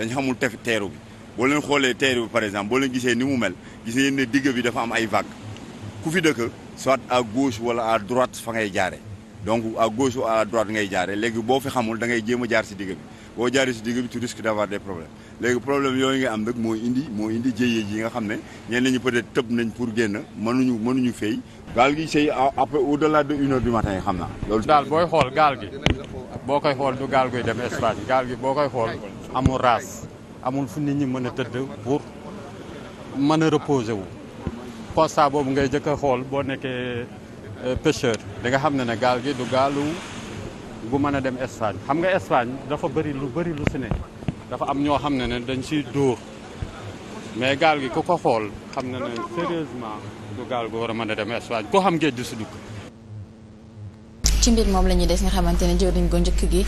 dañ xamul tef teeru bi boo leen xoolee teeru bi par exemple boo leen gisee ni mu mel gis ngeen ne digg bi dafa am ay vague ku fi dëkk soit à gauche wala à droite fa ngay jaare donc à gauche ou à droite ngay jaare léegi boo fi xamul da ngay jéem a jaar si digg bi boo jaaree si digg bi tu risques d'avoir des problèmes léegi problème yooyu nga am nag moo indi moo indi jéyee yi nga xam ne ñenn ñi peut-être tëb nañ pour génn mënuñu mënuñu fay gaal gi sëy après au delà de une heure du matin xam naa loolu daal booy xool gaal gi boo koy xool gaal guy dem Espagne gi boo koy xool amul raas amul fu nit ñi mën a tëdd pour mën a reposer wu constat boobu ngay jëkk a xool boo nekkee euh, pêcheur da nga xam ne ne gaal gi du gaalu gu mën a dem Espagne xam nga Espagne dafa bëri lu bëri lu si ne dafa am ñoo xam ne ne dañ si dóor mais gaal gi ku ko xool xam na ne sérieusement du gaal gu war a mën a dem Espagne koo xam géej du si ci mbir moom la des nga xamante ne jëwriñ go njëkk gi